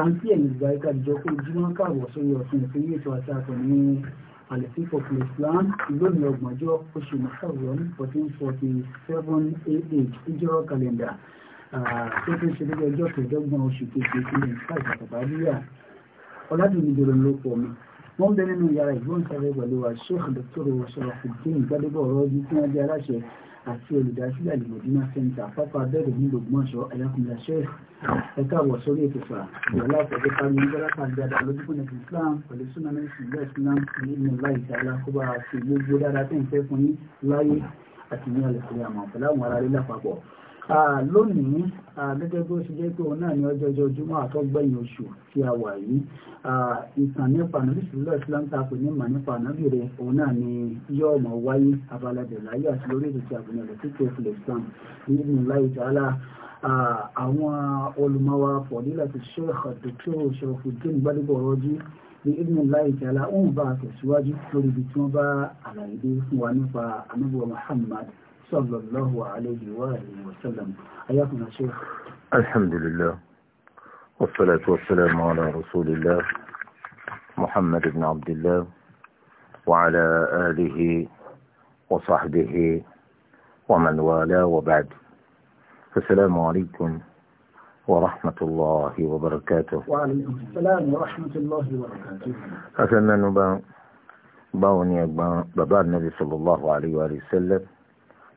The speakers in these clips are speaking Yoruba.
àǹtí ẹ̀yìn ìgbà ẹ̀ka ìjọ kó ojúmọ́ káàbọ̀ sórí ọ̀sán ìpín ètò àti àtọ̀ ní àlẹ́fífọ̀ Islam lónìí ọgbọ̀njọ́ oṣù mọ́sàwọ́n 1447 AH ìjọ kàlẹ́ndà tó tún ṣe lórí ọjọ́ kẹẹ̀ẹ́dọ́gbọ̀n oṣù kejì ìpínlẹ̀ ìfàgbà bàbá ríyà ọládùn ìjọba ló pọ̀ mi wọ́n bẹ nínú yàrá ìgbóhùnsáfẹ́ pẹ̀lú wa Sheikh Dr. Sharafudeen Gbadebo Ọ̀rọ̀jì tí wọ́n jẹ́ aláṣẹ àti olùdásílẹ̀ Al-Modina Center pápá abẹ́rẹ́ ní Ògbómọ̀ṣọ́ ayakunlẹ̀ Sheikh ẹ̀ka àwọ̀ sórí ètò fà ìyàlá ọ̀pẹ̀ parí ní gbọ́dá pàdé lójúkùn ní Islam pẹ̀lú súnámẹ́ ìsìnkú Islam ní ìlú láì dáadáa kó bá a ti gbogbo dáadáa tẹ̀ ń fẹ́ fún yín láyé àti ní àlẹ́ lónìí gẹ́gẹ́ bó ṣe jẹ́ pé òun náà ni ọjọ́ ọjọ́ ojúmọ́ àtọ́gbẹ̀yìn oṣù tí a wà yìí ìtàn nípa ànábì sílẹ̀ islam tá a pè ní mà nípa ànábì rẹ̀ òun náà ni yóò mọ̀ wáyé abalẹ̀bẹ̀ láyé àti lórí ètò ti àgbọ̀nà rẹ̀ títí òfin islam nínú láyé tààlà àwọn olùmọ̀wá fọ̀dílà ti ṣe ọ̀dọ̀tọ̀ Sharifuddeen Gbádébọ̀ Rọ́jí ní ìdílé láì tààlà òun bá tẹ̀síwájú lórí ibi tí wọ́n bá àlàyé dé fún wa nípa ànábì Muhammad صلى الله عليه وآله وسلم حياكم يا شيخ الحمد لله والصلاة والسلام على رسول الله محمد بن عبد الله وعلى آله وصحبه ومن والاه وبعد السلام عليكم ورحمة الله وبركاته وعليكم السلام ورحمة الله وبركاته أتمنى بوني بابا النبي صلى الله عليه وآله وسلم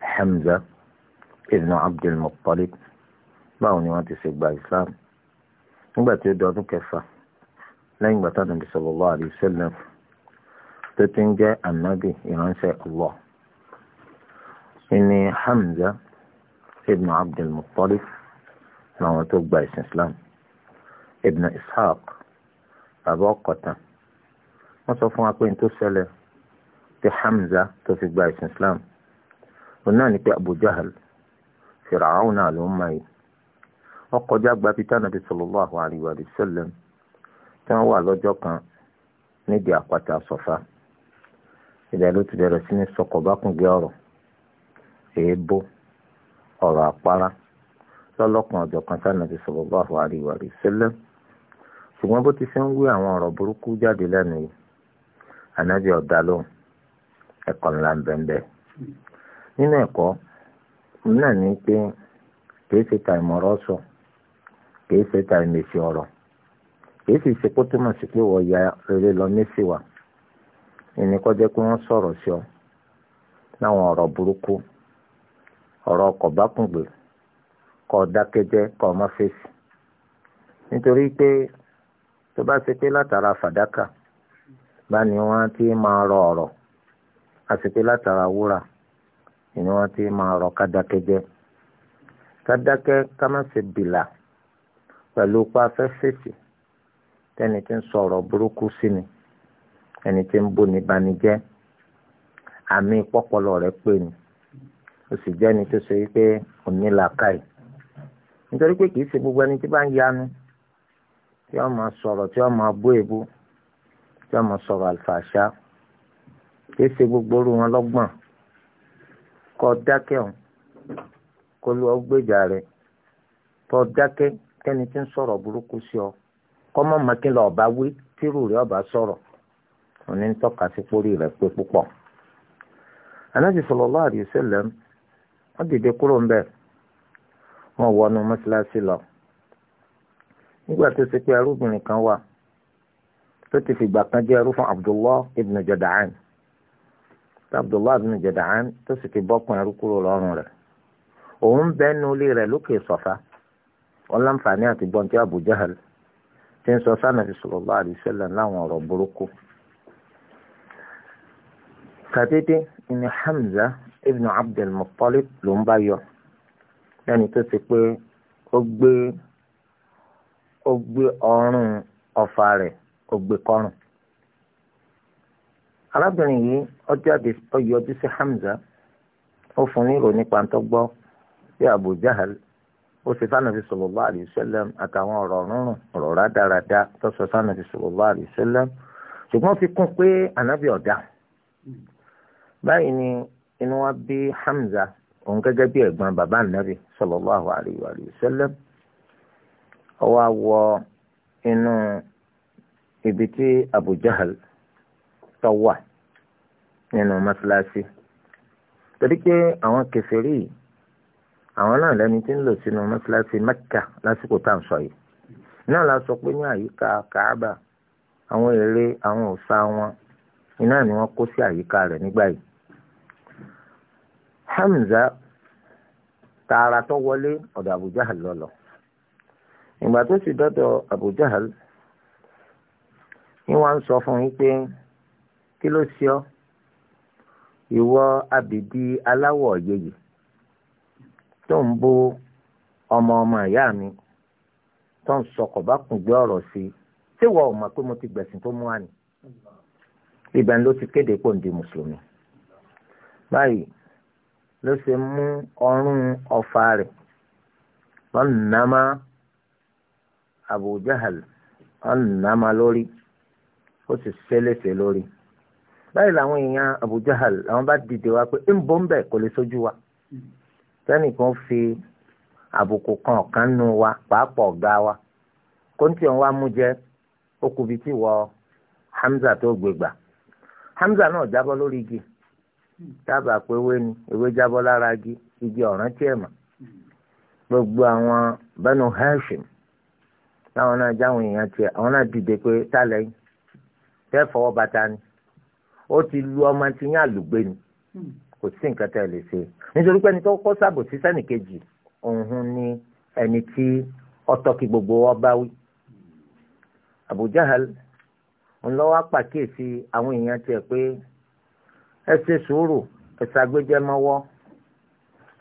حمزة ابن عبد المطلب ما هو نواتي سيكبا إسلام وباتي يدعو ذكفة لين باتان النبي صلى الله عليه وسلم تتنجى النبي يعني سيء الله إني حمزة ابن عبد المطلب ما هو توقبا الإسلام ابن إسحاق أبو قطة ما صفوا أكوين توسل في حمزة توفيق بايس òun náà ni pé Abu Jahal Fir'aun náà ló ń mọ yìí wọ́n kọjá gba peter nabi sallallahu alayhi wa sallam tí wọ́n wà lọ́jọ́ kan nídìí àpáta sọ̀fà ìdá ló ti bẹ̀rẹ̀ sí ní sọkọ̀ bákùngbé ọ̀rọ̀ èébó ọ̀rọ̀ àpárá lọ́lọ́kan ọ̀jọ̀ kan tí nabi sallallahu alayhi wa sallam ṣùgbọ́n bó ti ṣe ń wí àwọn ọ̀rọ̀ burúkú jáde lẹ́nu yìí ànábì ọ̀dà lóhùn ẹ̀kọ́ ńlá ń bẹ́ńbẹ́ nínú ẹ̀kọ́ náà ni pé kìí ṣe ta ìmọ̀rọ̀ sọ kìí ṣe ta ìmẹ̀sì ọ̀rọ̀ kìí sì ṣe kó túmọ̀ sí pé wọ́n ya rere lọ níṣìwà ìní kọ́ jẹ́ pé wọ́n sọ̀rọ̀ sí ọ láwọn ọ̀rọ̀ burúkú ọ̀rọ̀ ọkọ̀ bá kọ́ dákẹ́jẹ́ kọ́ ọmọ fèsì nítorí pé tó bá ṣe pé látara fàdákà bá ní ni wọ́n ti máa rọ kádákẹ́jẹ́ kádákẹ́ ká má ṣe bìlà pẹ̀lú pa fẹ́fẹ́sì tẹ́ni tí ń sọ̀rọ̀ burúkú sí ni ẹni tí ń bóni banijẹ́ àmì pọ́pọlọ rẹ̀ pé ni ó sì jẹ́ ni tó ṣe wípé òní làákàyè nítorí pé kìí ṣe gbogbo ẹni tí bá ń yanu tí wọ́n máa sọ̀rọ̀ tí wọ́n máa bó èbú tí wọ́n máa sọ̀rọ̀ àlùfàṣà kìí ṣe gbogbo orú wọn lọ́gbọ̀n kọ́ dákẹ́ ọ̀hún kó lu ọgbẹ́jà rẹ̀ tọ́ dákẹ́ kẹ́ni tí ń sọ̀rọ̀ burúkú sí ọ kọ́ mọ́ mọ́kí lọ ọba wí tírù rẹ̀ ọba sọ̀rọ̀ òní ń tọ́ka sí pórí rẹ̀ pé púpọ̀. Ànábì sallallahu alaihi wasallam wọ́n dìde kúrò ńbẹ̀ wọ́n wọnú mọ́ṣáláṣí lọ. nígbà tó ṣe pé arúgbìnrin kan wà tó ti fìgbà kan jẹ́ ẹrú fún Abdullah ibn Jada'an abdullahi bin jada'an tó sì ti bọ́kùn ẹrú kúrò lọ́rùn rẹ̀ òun bẹ́nu ilé rẹ̀ lókè sọ̀fà ọlọ́nfààní àti gbọ̀ntì Abu Jahal tí ń sọ sànàfi sallallahu alaihi wasallam láwọn ọ̀rọ̀ burúkú. kàtẹ́tẹ́ ni Hamza ibn Abdul Muttalib ló ń bá yọ lẹ́ni tó ti pé ó gbé ó gbé ọrùn ọfà rẹ̀ ó gbé kọ́rùn arábìnrin yìí ọjọ́dé ọyọjú sí Hamza ó fún ní ìròyìn nípa tó gbọ́ bí Abu Jahal ó ṣe sánàbí sallallahu alayhi wasallam àtàwọn ọ̀rọ̀ rúnrún ọ̀rọ̀ rádaràda tó sọ sánàbí sallallahu alayhi wasallam ṣùgbọ́n fi kún pé ànábì ọ̀dà báyìí ni inú wa bí Hamza òun gẹ́gẹ́ bí ẹ̀gbọ́n bàbá ànábì sallallahu alayhi wasallam ó inú ibi tí Abu tó wà nínú mọ́ṣáláṣí torí pé àwọn kèfèrí yìí àwọn náà lẹni tí ń lò sínú mọ́ṣáláṣí mẹ́kà lásìkò tá à ń sọ yìí náà la sọ pé ní àyíká kàábà àwọn ère àwọn òòṣà wọn iná ni wọ́n kó sí àyíká rẹ̀ nígbà yìí Hamza tààrà tó wọlé ọ̀dọ̀ Abu Jahal lọ́lọ́ ìgbà tó sì dọ́dọ̀ Abu Jahal ni wọ́n ń sọ fún yín pé kí ló ṣe ọ́ ìwọ abìdí aláwọ̀ yeye tó ń bú ọmọ ọmọ ìyá mi tó ń sọkọ̀ bá kùngbé ọ̀rọ̀ sí i tí wọ́n ò mọ̀ pé mo ti gbẹ̀sìn tó mú wa ni ló ti kéde pò ń di mùsùlùmí báyìí ló ṣe mú ọrùn ọfà rẹ̀ ọ̀nàmá Abu Jahal ọ̀nàmá lórí ó sì ṣẹlẹ̀ṣẹ̀ lórí. báyìí làwọn èèyàn Abu Jahal àwọn bá dìde wá pé ń bọ́ ń bẹ̀ kò lè sójú wa sẹ́nìkan fi àbùkù kan ọ̀kan nu wa pàápọ̀ ọ̀gá wa kóńtì ọ̀hún wa mú jẹ́ tí wọ Hamza tó gbégbà Hamza náà jábọ́ lórí igi dábàá pé ewé ni ewé jábọ́ lára igi igi ọ̀ràn gbogbo àwọn táwọn náà jáwọn èèyàn tiẹ̀ àwọn náà dìde ó ti lu ọmọ tí yín àlùgbé ni hmm. kò sí nǹkan tẹ́ ẹ lè ṣe nítorí pé ẹni tó kọ́ sábò sí sẹ́nìkejì òun ni ẹni tí ọtọ́ kí gbogbo wa bá wí. Abu ńlọ́wọ́ pàkíyèsí àwọn èèyàn tiẹ̀ pé ẹ ṣe sùúrù ẹ ṣàgbéjẹmọ́wọ́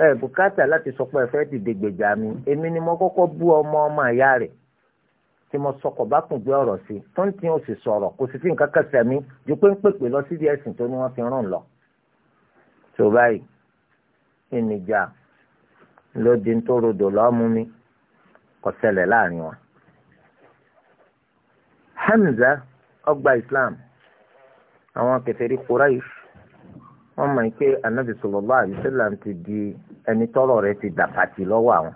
ẹ bùkátà láti sọ pé ẹ fẹ́ dìde gbèjà mi èmi ni mo kọ́kọ́ bú ọmọ ọmọ àyá rẹ̀. tí mo sọkọ̀ bá kùn gbé ọ̀rọ̀ sí tó ń tí ó sì sọ̀rọ̀ kò sì fi nǹkan kan sẹ̀mí ju pé ń pèpè lọ síbi ẹ̀sìn tó ní wọ́n fi rán lọ. tó báyìí ìnìjà ló di tó rodò lọ́mú mi kò ṣẹlẹ̀ láàrin wọn. Hamza ọgbà Islam àwọn kèfèrí Quraysh wọ́n mọ̀ pé anabi sallallahu alaihi wasallam ti di ẹni tọ́rọ̀ rẹ̀ ti dàpàtì lọ́wọ́ àwọn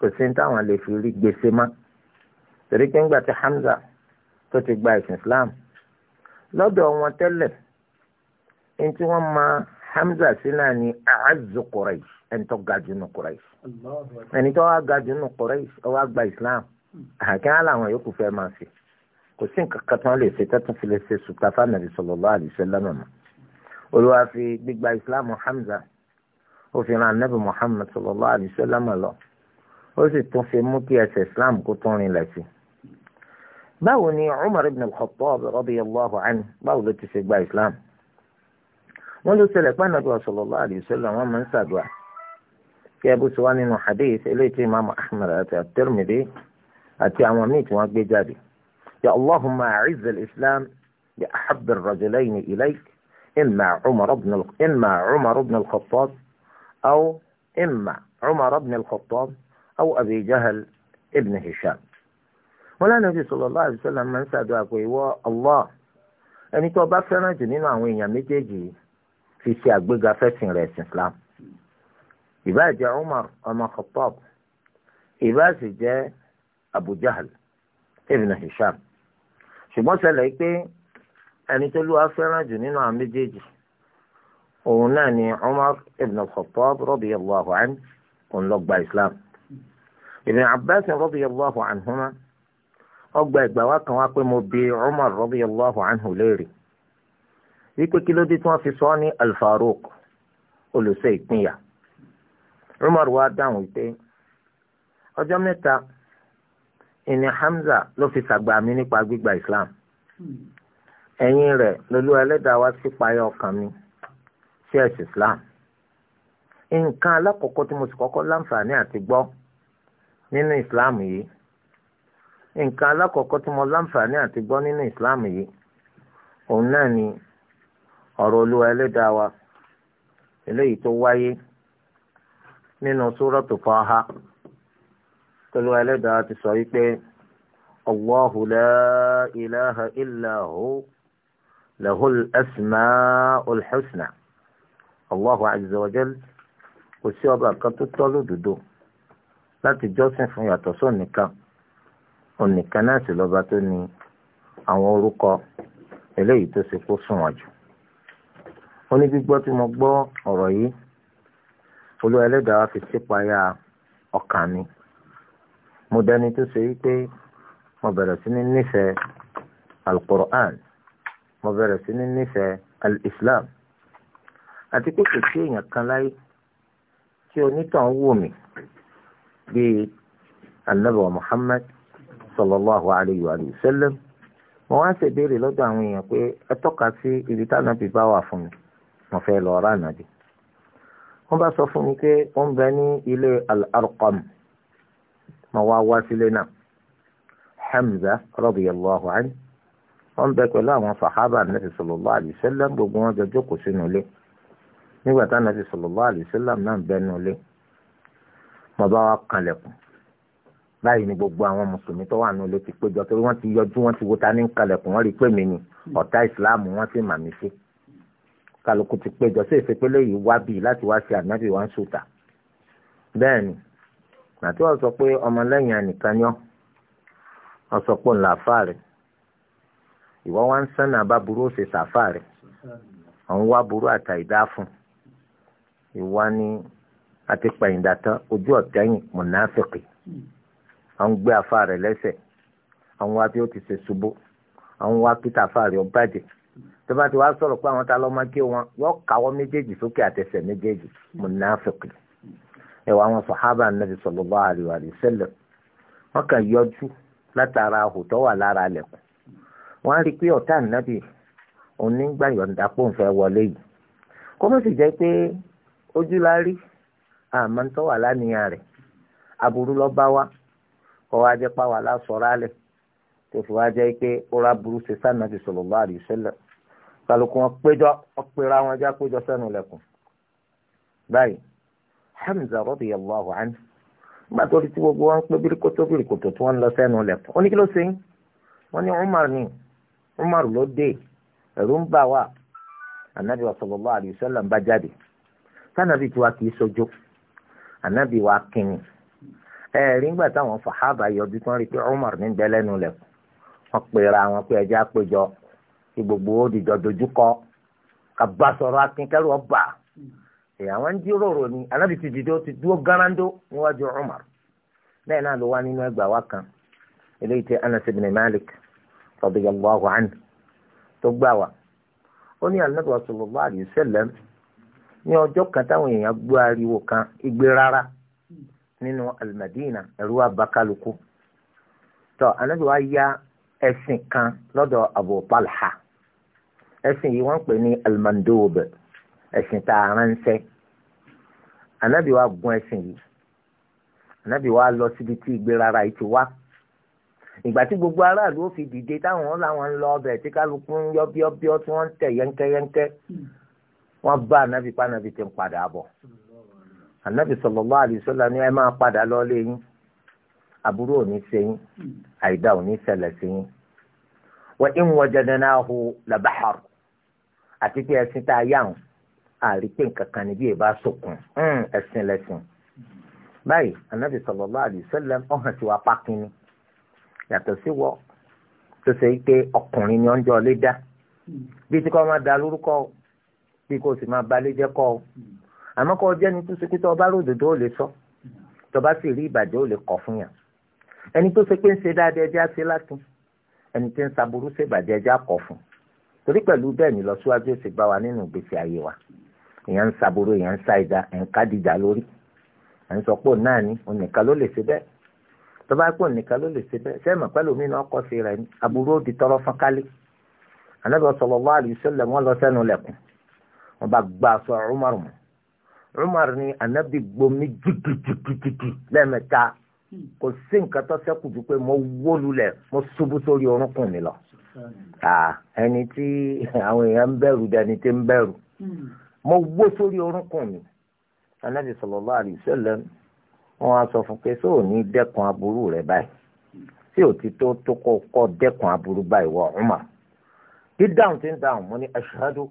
kò sí ní táwọn lè fi rí gbèsè máa torí pé ńgbà tí Hamza tó ti gba ìsìn Islam lọ́dọ̀ wọn tẹ́lẹ̀ ẹni tí wọ́n máa Hamza sí náà ni àázù Quraish ẹni tó ga jù nù Quraish ẹni tó wá ga jù nù Quraish ó wá gba Islam àkín aláwọn yòókù fẹ́ máa fi kò sí nǹkan kan tó lè ṣe tẹ́tún fi lè ṣe sùtàfà nàbì sallallahu alaihi wasallam olúwa fi gbígba Islam Hamza ó fi ran anabi Muhammad sallallahu alaihi wasallam lọ ó sì tún fi mú kí ẹsẹ̀ Islam kó tún rinlẹ̀ sí بوني عمر بن الخطاب رضي الله عنه بوضة تسيق بإسلام ولو سلك من أدوى صلى الله عليه وسلم ومن سدوى في أبو سواني حديث إليت إمام أحمد الترمذي أتي عواميت وأبي يا اللهم أعز الإسلام بأحب الرجلين إليك إما عمر بن إما عمر بن الخطاب أو إما عمر بن الخطاب أو أبي جهل ابن هشام wọn lánàá bí sallallahu alaihi wasallam máa ń ṣàdúrà pé ìwọ Allah ẹni tó bá fẹ́ràn jù nínú àwọn èèyàn méjèèjì fi ṣe àgbéga fẹ́sìn rẹ̀ sí Islam ìbáà jẹ́ Umar ọmọ Khattab ìbáà sì jẹ́ Abu Jahl ibn Hisham ṣùgbọ́n ṣẹlẹ̀ pé ẹni tó lúwa fẹ́ràn jù nínú àwọn méjèèjì òun náà ni Umar ibn Khattab radiyallahu anhu òun ló gba Islam Ibn Abbas radiyallahu anhuma ọgbà ìgbà wa kan wá pé mo bi Umar radiyallahu anhu léèrè wípé kí ló dé tí wọ́n fi sọ ọ́ ní al-Faruq olùṣe ìpínyà Umar wa dáhùn pé ọjọ́ mẹ́ta ìní Hamza ló fi sàgbà mí nípa gbígba Islam ẹ̀yìn rẹ̀ lolú ẹlẹ́dàá wá sí payọ́ ọkàn mi sí Islam nǹkan alákọ̀ọ́kọ́ tí mo sì kọ́kọ́ láǹfààní àti gbọ́ nínú Islam yìí nǹkan alákọ̀ọ́kọ́ tí mo láǹfààní àti gbọ́ nínú islam yìí òun náà ni ọ̀rọ̀ olúwa ẹlẹ́dàá wa eléyìí tó wáyé nínú súrọ́tù Taha tolúwa ẹlẹ́dàá ti sọ wípé Allahu la ilaha illa hu lahul asma'ul husna Allahu kò sí ọba kan tó tọ́ lódodo láti jọ́sìn fún yàtọ̀ sóun nìkan onìkan náà sì lọ́ba tó ní àwọn orúkọ eléyìí tó ṣe kó sunwọ̀n jù ó ní gbígbọ́ tí mo gbọ́ ọ̀rọ̀ yìí olúwa ẹlẹ́dàá fi sípayá ọkàn mi mo dẹni tó ṣe wípé mo bẹ̀rẹ̀ sí ní nífẹ̀ẹ́ alukur'an mo bẹ̀rẹ̀ sí ní nífẹ̀ẹ́ al-islam àti pé kò sí èèyàn kan láyé tí onítàn wò mí bíi anabi muhammad sallallahu alayhi wa sallam mo wá ṣe béèrè lọ́dọ̀ àwọn èèyàn pé ẹ tọ́ka sí ibi tánàbì bá wà fún mi mo fẹ́ lọ ra ànàbì wọ́n bá sọ fún mi pé ó ń bẹ ní ilé al-Arqam mo wá wá sílé náà Hamza radiyallahu anhu wọ́n bẹ pẹ̀lú àwọn sàhábà nàbì sallallahu alayhi wa gbogbo wọn jọ jókòó sínú ilé nígbà tá nàbì sallallahu alayhi wa náà bẹ́ẹ̀ nù ilé mo bá wá kanlẹ̀kùn báyìí ni gbogbo àwọn mùsùlùmí tó wà nílé ti péjọ torí wọ́n ti yọjú wọ́n ti wo ta ní kalẹ̀kùn wọ́n rí pé mi ni ọ̀tá ìsìláàmù wọ́n sì mà mí sí kálukú ti péjọ sí ìfipélé yìí wá bíi láti wá sí ànábì wọn sùtà bẹ́ẹ̀ ni nàtí wọ́n sọ pé ọmọlẹ́yìn ànìkan yọ wọ́n sọ pé ńlá àfáà rẹ̀ ìwọ wá ń sánà bá burú ó ṣe sàfáà rẹ̀ wá burú àtà ìdá fún ìwọ ni àti pẹ̀yìndà ojú ọ̀tẹ́yìn mùnáfíkì àwọn gbé àfa rẹ̀ lẹ́sẹ̀ àwọn wa bí ó ti ṣe ṣubú àwọn wa pété àfa rẹ̀ ó bàjẹ́ tó bá ti wá sọ̀rọ̀ pé àwọn ta lọ́ máa gé wọn yọ káwọ́ méjèèjì sókè àtẹsẹ̀ méjèèjì mùnáfíkì ẹ̀wọ̀ àwọn sọ̀hábà nàbì sallallahu alaihi wasallam wọ́n kàn yọjú látara àhùtọ́ wà lára lẹ̀kùn wọ́n á rí pé ọ̀tá nàbì onígbà yọ̀ǹda ń fẹ́ wọlé yìí kó mọ̀ sì jẹ́ pé ojú la rí àmọ́ ń lánìyàn rẹ̀ aburú lọ́ bá wa kọ́ wá jẹ́ pàwọ́ aláṣọra lẹ̀ tó fi wá jẹ́ pé ó rà burú ṣe sáà nàbì sallallahu alaihi wasallam kálukú wọn péjọ ọpẹra wọn já péjọ sẹ́nu lẹ̀kùn báyìí Hamza radiyallahu anhu nígbà tó rí tí gbogbo wọn pé bíríkótó bíríkótó tí wọ́n lọ sẹ́nu lẹ̀kùn ó ní kí ló ṣe wọ́n ní Umar ni Umar ló dé ẹ̀rù ń bà wá anabi wa sallallahu alaihi wasallam bá jáde sanabi tiwa kì í sojú anabi wa kìnnì ẹ̀rí ńgbà táwọn fàhábà yọjú tán rí pé Umar ní bẹ́lẹ́nu lẹ̀ wọ́n pera wọn pé ẹja péjọ kí gbogbo ó dìjọ dojúkọ kàbá sọ̀rọ̀ akínkẹ́rù ọba ìyàwó ń jíròrò ni anábì ti dìde ó ti dúró gánándó níwájú Umar bẹ́ẹ̀ náà ló wá nínú ẹgbàá wa kan eléyìí tí Anas ibn Malik radiyallahu anhu tó gbà wá ó ní anábì sallallahu alayhi wasallam ní ọjọ́ kan táwọn èèyàn gbọ́ ariwo kan igbe rárá nínú almadina ẹ̀rú abakaluku tọ́ anabi wa ya ẹ̀sìn kan lọ́dọ̀ abu palha ẹ̀sìn yìí wọ́n pè ní almandob ẹ̀sìn tá a ránṣẹ́ anabi wa gun ẹ̀sìn yìí anabi wa lọ síbi tí ìgbérara yìí ti wá ìgbà tí gbogbo aráàlú ó fi dìde táwọn làwọn ń lọ ọbẹ̀ tí kálukú ń yọ bíọ́bíọ́ tí wọ́n ń tẹ̀ yẹ́ńkẹ́yẹ́ńkẹ́ wọ́n bá anabi pa anabi ti ń padà bọ̀ anabi sallallahu alaihi wasallam ni ẹ máa padà lọ lé yín aburú ò ní ṣe yín àìdá ò ní ṣẹlẹ̀ sí yín wa in wajadnahu la bahar àti pé ẹ̀sìn tá a yà ń àrí pé nǹkan kan níbí ìbá sọkùn hmm, ẹ̀sìn lẹ́sìn báyìí anabi sallallahu alaihi wasallam ọhàn sí wa pákínní yàtọ̀ sí wọ tó ṣe pé ọkùnrin ni ọjọ́ lé dá bí tí kò máa da lórúkọ bí kò sì máa balẹ̀ jẹ́ kọ́ ọ àmọ́ kọ́ ọjọ́ ẹni tó ṣe pé tó ọba ròdòdó ò lè sọ tọba sì rí ìbàjẹ́ ò lè kọ́ fún yàn ẹni tó ṣe pé ń ṣe dáadáa ẹjẹ́ á ṣe lákin ẹni tí ń saburú ṣe ìbàjẹ́ ẹjẹ́ á kọ́ fún torí pẹ̀lú bẹ́ẹ̀ ni lọ́síwájú ṣe bá wa nínú ìgbésí ayé wa èèyàn ń saburú èèyàn ń sa ìdá ẹ̀ ń kádìjà lórí ẹ̀ ń sọ pé òun náà ni òun nìkan ló lè ṣe bẹ́ẹ̀ tọba pé òun ló lè ṣe bẹ́ẹ̀ sẹ́ẹ̀mà pẹ́lú mi náà kọ́ sí rẹ̀ ni aburú di tọrọ fún kálí Ànábì sallallahu alaihi wasallam wọ́n lọ sẹ́nu lẹ̀kùn wọ́n bá gba aṣọ Umar Umar ni anabi gbomi jìgìjìgìjìgì lẹ́ẹ̀mẹ́ta hmm. kò sí nǹkan tó ṣẹ́kù ju pé mo wó lulẹ̀ mo ṣubú sórí orúnkún mi lọ. ẹni tí àwọn èèyàn ń bẹ̀rù dání tí ń bẹ̀rù hmm. mo wó sórí orúnkún mi. anabi sallallahu alaihi wasallam wọn á sọ fún pé sọ ò ní dẹ́kun aburú rẹ báyìí tí ò ti tó tó kọ́ dẹ́kun aburú báyìí wọ Umar dídáhùn tí ń dáhùn mo ní ashhadu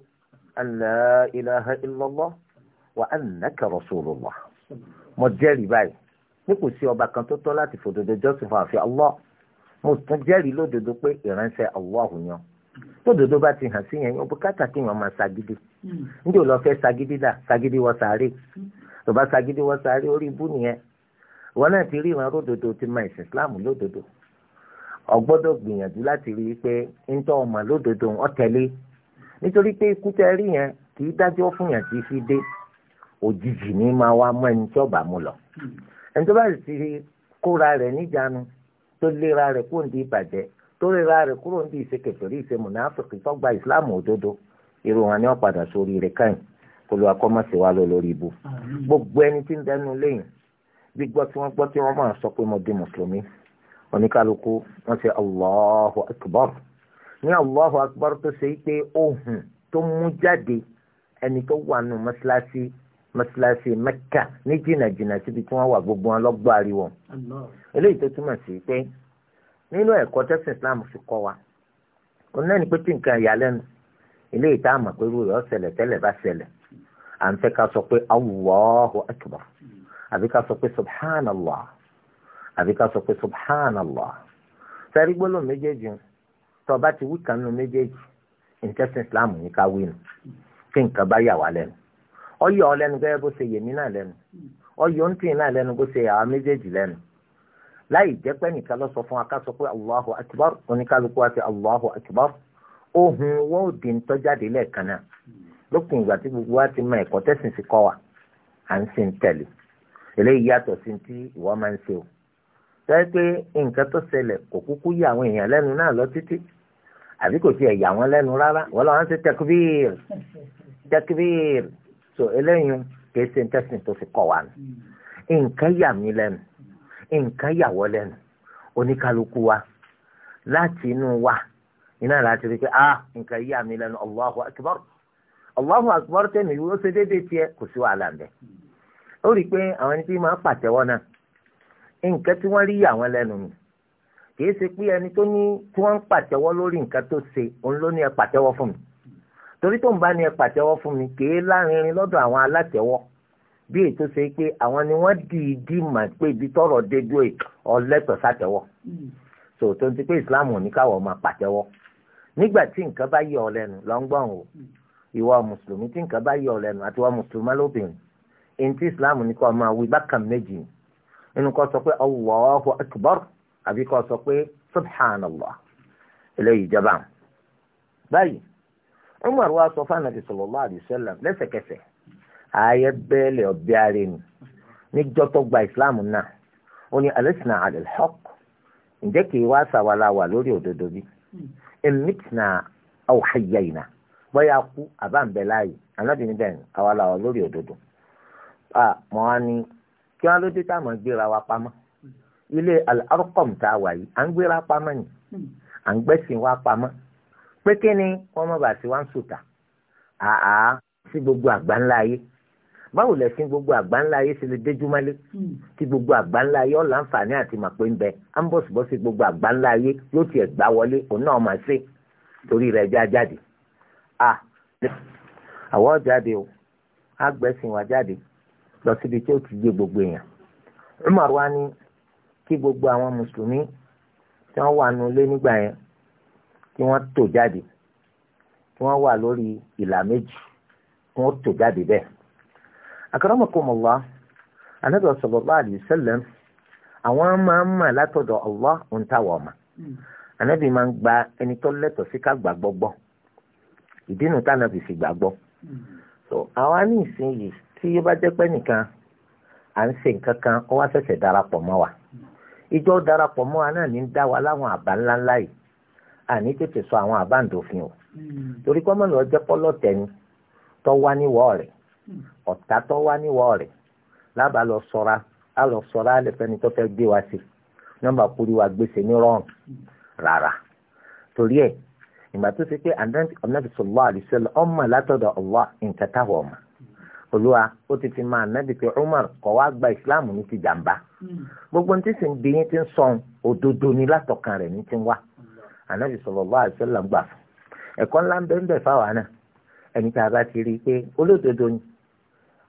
an la ilaha wa annaka rasulullah mo jẹ́rìí báyìí ní kò sí ọba kan tó tọ́ láti fòdodo jọ́sìn fún àfi Allah mo tún jẹ́rìí lódodo pé ìránṣẹ́ Allah yan tódodo bá ti hàn sí yẹn yóò bùkátà kí yẹn máa ṣagídí níjẹ́ lọ fẹ́ ṣagídí dà ṣagídí wọ sàárè tó bá ṣagídí wọ sàárè orí ibú nìyẹn wọn náà ti rí ìran lódodo ti máa ìsìn Islam lódodo o gbìyànjú láti rí i pé ń tọ́ ọmọ lódodo ọ̀tẹ̀lé nítorí pé ikú tẹ́ rí yẹn kì í dájọ́ fún yàn tí fi dé òjijì ní máa wá mú ẹni tí ọba mú lọ ẹni tó bá sì ti kóra rẹ̀ níjàánu tó lera rẹ̀ kúrò ní ìbàjẹ́ tó lera rẹ̀ kúrò ní ìṣekèfèrí ìṣemùnáfíkì tó gba ìsìláàmù òdodo irú wọn ni wọn padà sórí rẹ̀ káyìn kó ló akọ́mọ̀sí wa lọ lórí ibu gbogbo ẹni tí ń dẹnu lẹ́yìn gbígbọ́ tí wọ́n gbọ́ tí wọ́n máa sọ pé mo di mùsùlùmí oníkálukú wọ́n ṣe allahu akbar ní allahu akbar tó ṣe pé ohun tó mú jáde ẹni tó wà nù mọ́ṣáláṣí mọ́sálásí mẹ́kà ní jìnnàjìnnà síbi tí wọ́n wà gbogbo wọn lọ́gbọ́ ariwo eléyìí tó túmọ̀ sí pé nínú ẹ̀kọ́ tẹ́sán islam fi kọ́ wa òun náà ni pé tí nǹkan ìyàlẹ́nu eléyìí tá a mọ̀ pé irú rẹ̀ ọ̀sẹ̀lẹ̀ tẹ́lẹ̀ bá ṣẹlẹ̀ à ń fẹ́ ká sọ pé Allahu akbar àbí ká sọ pé subhanallah àbí ká sọ pé subhanallah sẹ́rí gbólóhùn méjèèjì tó o bá ti wí kan nínú méjèèjì ní islam ní ká wí nù tí nǹkan bá yà wá lẹ́nu ọyọ ọ lẹ́nu gẹ́gẹ́ bó ṣe yèmí náà lẹnu ọyọ ń tìyìn náà lẹnu bó ṣe àwa méjèèjì lẹ́nu láì jẹ́ pé nìkan lọ sọ fún akásọ pé allahu akbar oníkálukú àti allahu akbar ohun wọn ò di ntọ́jáde lẹ́ẹ̀kan náà lópin ìgbà tí gbogbo wa ti mọ ẹ̀kọ́ tẹ̀sìn sí kọ́ wa à ń sin tẹ̀lé eléyìí yàtọ̀ sí ti lọ títí àbí kò lẹ́nu rárá wọ́n lọ́wọ́ ń ṣe tẹkbíir so eléyìí kìí ṣe tẹ́sìn tó fi kọ́ wa nù nǹkan yà mí lẹ́nu nǹkan yà wọ́ lẹ́nu oníkálukú wa láti inú wa iná láti rí pé ah nǹkan yà mí lẹ́nu allahu akbar allahu akbar tẹ̀mí ó ṣe déédéé tiẹ̀ kò sí wàhálà ń bẹ̀ ó rí i pé àwọn ẹni tí máa pàtẹ́wọ́ náà nǹkan tí wọ́n rí yà wọ́n lẹ́nu mi kìí ṣe pé ẹni tó ní tí wọ́n pàtẹ́wọ́ lórí nǹkan tó ṣe òun ló ní ẹ pàtẹ́wọ́ fún mi torí tó ń bá ní ẹ pàtẹ́wọ́ fún mi kèé lárinrin lọ́dọ̀ àwọn alátẹ̀wọ́ bí ètò ṣe pé àwọn ni wọ́n dìídì mà pé ibi tọrọ dédú ẹ ọlẹ́tọ̀ sátẹ̀wọ́ so tó ń ti pé ìsìláàmù ò ní káwọ́ máa pàtẹ́wọ́ nígbà tí nǹkan bá yọ ọ lẹ́nu lọ́ngbọ̀n o ìwọ mùsùlùmí tí nǹkan bá yọ ọ lẹ́nu àti ìwọ mùsùlùmá lóbìnrin èyí tí ìsìláàmù ní kó máa wí bákan méjì nínú kó sọ pé Allahu akbar àbí kó sọ pé subhanallah eléyìí jọba báyìí Umar wa sọ fún anabi sallallahu alayhi wa sallam lẹ́sẹ̀kẹsẹ̀ ayé bẹ́ẹ̀lẹ̀ ọ̀bẹ ara ni níjọ́ tó gba islam náà ó ní alẹ́sìnà alẹ́lẹ́họ́k ǹjẹ́ kì í wá sàwàláwà lórí òdodo bí ẹ̀mítìnà àwòhàyà ìnà kú àbáǹbẹ̀ anábìnrin bẹ́ẹ̀ ni àwàláwà lórí òdodo. mọ̀ á ní kí wọ́n ló dé táwọn gbéra wa pamọ́ ilé a wà yìí à ń gbéra pamọ́ ni à ń pé kí ni wọ́n mọ̀ bá sí wá ń sùtà àá sí gbogbo àgbáńlá ayé báwo lẹ sí gbogbo àgbáńlá ayé ṣe lè déjúmọ́lé tí hmm. gbogbo àgbáńlá ayé ọ̀la ń fà ní àti mà pé ń bẹ á ń bọ̀ sí bọ́ sí gbogbo àgbáńlá ayé yóò tiẹ̀ gbá wọlé òun náà máa ṣe torí rẹ̀ já jáde à àwọ̀ jáde o á gbẹ́sìn wa jáde lọ síbi tí ó ti gbé gbogbo èèyàn Umar wa ní kí gbogbo àwọn mùsùlùmí tí wọ́n wà nulẹ̀ nígbà yẹn kí wọ́n tò jáde kí wọ́n wà lórí ìlà méjì kí wọ́n tò jáde bẹ́ẹ̀. akramakumullah anabi sallallahu alayhi wa sallam àwọn máa ń mà látọ̀dọ̀ Allah hmm. ń táwọ̀ ọ̀mà anabi máa gba ẹni tó sí ká gbàgbọ́ gbọ́ ìdínú fi gbàgbọ́ àwa ní ìsinyìí tí yóò bá jẹ́ nìkan à ń wa ìjọ darapọ̀ mọ́ wa náà ní ń dá wa láwọn àbá ńláńlá àní tètè sọ àwọn àbáǹdòfin o hmm. torí kọ́ mọ̀lọ́ jẹ́ pọ́lọ́tẹ̀ ni tọ́ wá níwọ̀ rẹ̀ hmm. ọ̀tá tọ́ wá níwọ̀ rẹ̀ lábàá lọ sọ́ra á lọ sọ́ra á lè fẹ́ni tó fẹ́ gbé wa sí nọ́mbà kúrú wa gbèsè ní rọ́ọ̀n hmm. rárá torí ẹ̀ ìgbà tó ṣe pé anabi sọlá àdìsẹ́lẹ̀ ọmọ látọ̀dọ̀ ọlá nǹkan táwọn ọmọ olúwa ó ti fi máa nábì pé Umar kọ̀ wá gba ìsìláàmù ní ti jàǹbá gbogbo ní ti sìn bí yín ti ń sọ̀n òdodo ni látọ̀kan rẹ̀ ní ti ń wá ànábì sallallahu alaihi wasallam gbà fún ẹ̀kọ́ ńlá ń bẹ ń bẹ fáwọn náà ẹni tá a bá ti rí i pé olódodo ni